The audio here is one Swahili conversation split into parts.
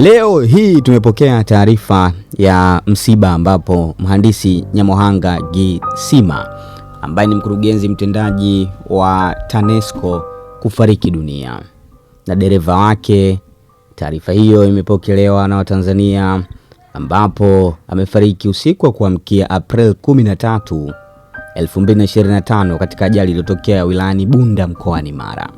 Leo hii tumepokea taarifa ya msiba ambapo mhandisi Nyamohanga Gisima ambaye ni mkurugenzi mtendaji wa TANESCO kufariki dunia na dereva wake. Taarifa hiyo imepokelewa na Watanzania ambapo amefariki usiku wa kuamkia April 13, 2025 katika ajali iliyotokea wilayani Bunda mkoani Mara.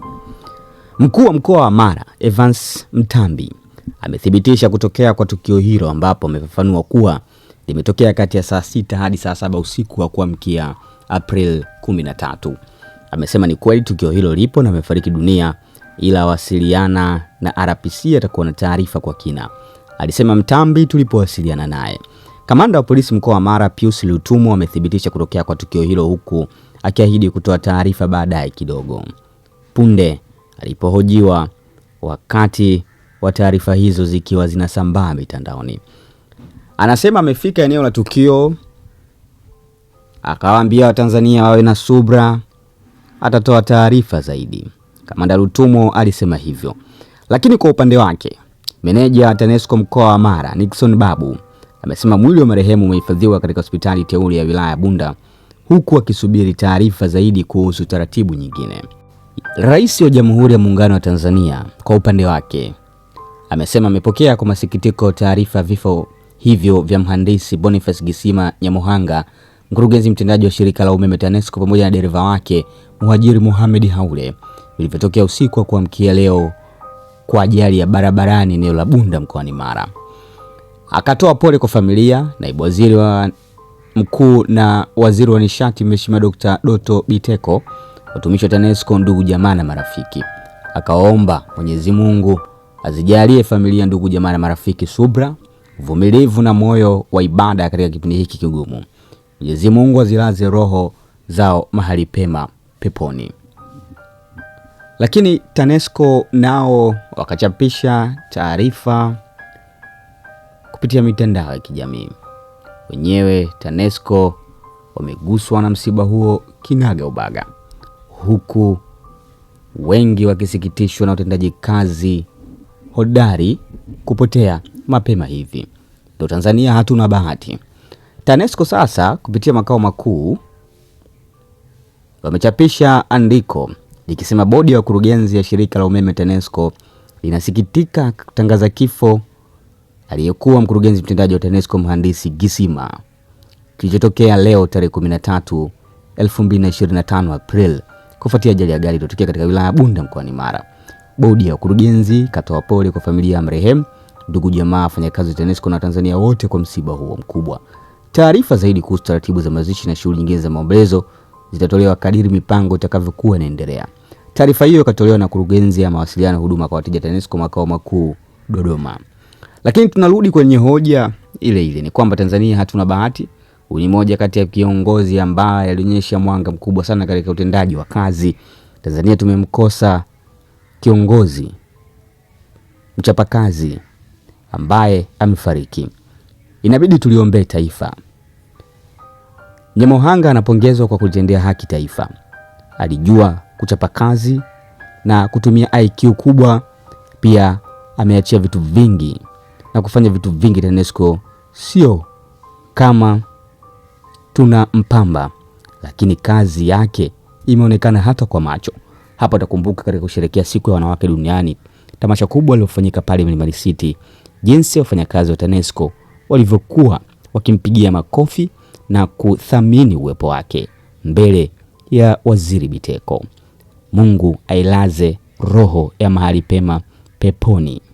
Mkuu wa mkoa wa Mara Evans Mtambi amethibitisha kutokea kwa tukio hilo ambapo amefafanua kuwa limetokea kati ya saa sita hadi saa saba usiku wa kuamkia April 13. Amesema ni kweli tukio hilo lipo na amefariki dunia, ila awasiliana na RPC atakuwa na taarifa kwa kina, alisema Mtambi tulipowasiliana naye. Kamanda wa polisi mkoa wa Mara Pius Lutumo amethibitisha kutokea kwa tukio hilo huku akiahidi kutoa taarifa baadaye kidogo. Punde alipohojiwa wakati wa taarifa hizo zikiwa zinasambaa mitandaoni. Anasema amefika eneo la tukio akawaambia Watanzania wawe na subra, atatoa taarifa zaidi. Kamanda Lutumo alisema hivyo, lakini kwa upande wake meneja wa TANESCO mkoa wa Mara Nixon Babu amesema mwili wa marehemu umehifadhiwa katika hospitali teuli ya wilaya Bunda huku akisubiri taarifa zaidi kuhusu taratibu nyingine. Rais wa Jamhuri ya Muungano wa Tanzania kwa upande wake amesema amepokea kwa masikitiko taarifa vifo hivyo vya mhandisi Boniface Gisima Nyamohanga, mkurugenzi mtendaji wa shirika la umeme TANESCO pamoja na dereva wake Muhajiri Mohamed Haule vilivyotokea usiku wa kuamkia leo kwa ajali ya barabarani eneo la Bunda mkoani Mara. Akatoa pole kwa familia. Naibu waziri wa mkuu na waziri wa nishati Mheshimiwa Dr. Doto Biteko, watumishi wa TANESCO, ndugu jamaa na marafiki, akawaomba Mwenyezi Mungu azijalie familia, ndugu, jamaa na marafiki subra, uvumilivu na moyo wa ibada katika kipindi hiki kigumu. Mwenyezi Mungu azilaze roho zao mahali pema peponi. Lakini TANESCO nao wakachapisha taarifa kupitia mitandao ya kijamii. Wenyewe TANESCO wameguswa na msiba huo kinaga ubaga, huku wengi wakisikitishwa na utendaji kazi hodari kupotea mapema hivi. Ndo Tanzania hatuna bahati. TANESCO sasa kupitia makao makuu wamechapisha andiko likisema bodi ya wakurugenzi ya shirika la umeme TANESCO linasikitika kutangaza kifo aliyekuwa mkurugenzi mtendaji wa TANESCO mhandisi Gisima kilichotokea leo tarehe 13 2025 April kufuatia ajali ya gari iliyotokea katika wilaya ya Bunda mkoani Mara. Bodi ya wakurugenzi katoa pole kwa familia ya marehemu, ndugu jamaa, wafanyakazi wa TANESCO na Tanzania wote kwa msiba huo mkubwa. Taarifa zaidi kuhusu taratibu za mazishi na shughuli nyingine za maombolezo zitatolewa kadiri mipango itakavyokuwa inaendelea. Taarifa hiyo ikatolewa na Kurugenzi ya Mawasiliano huduma kwa wateja TANESCO makao makuu Dodoma. Lakini tunarudi kwenye hoja ile ile, ni kwamba Tanzania hatuna bahati. ni moja kati ya kiongozi ambaye alionyesha mwanga mkubwa sana katika utendaji wa kazi. Tanzania tumemkosa kiongozi mchapakazi ambaye amefariki. Inabidi tuliombee taifa. Nyamohanga anapongezwa kwa kulitendea haki taifa. Alijua kuchapa kazi na kutumia IQ kubwa. Pia ameachia vitu vingi na kufanya vitu vingi TANESCO, sio kama tuna mpamba, lakini kazi yake imeonekana hata kwa macho. Hapa utakumbuka katika kusherekea siku ya wanawake duniani, tamasha kubwa lilofanyika pale Mlimani City, jinsi wafanyakazi wa TANESCO walivyokuwa wakimpigia makofi na kuthamini uwepo wake mbele ya Waziri Biteko. Mungu ailaze roho ya mahali pema peponi.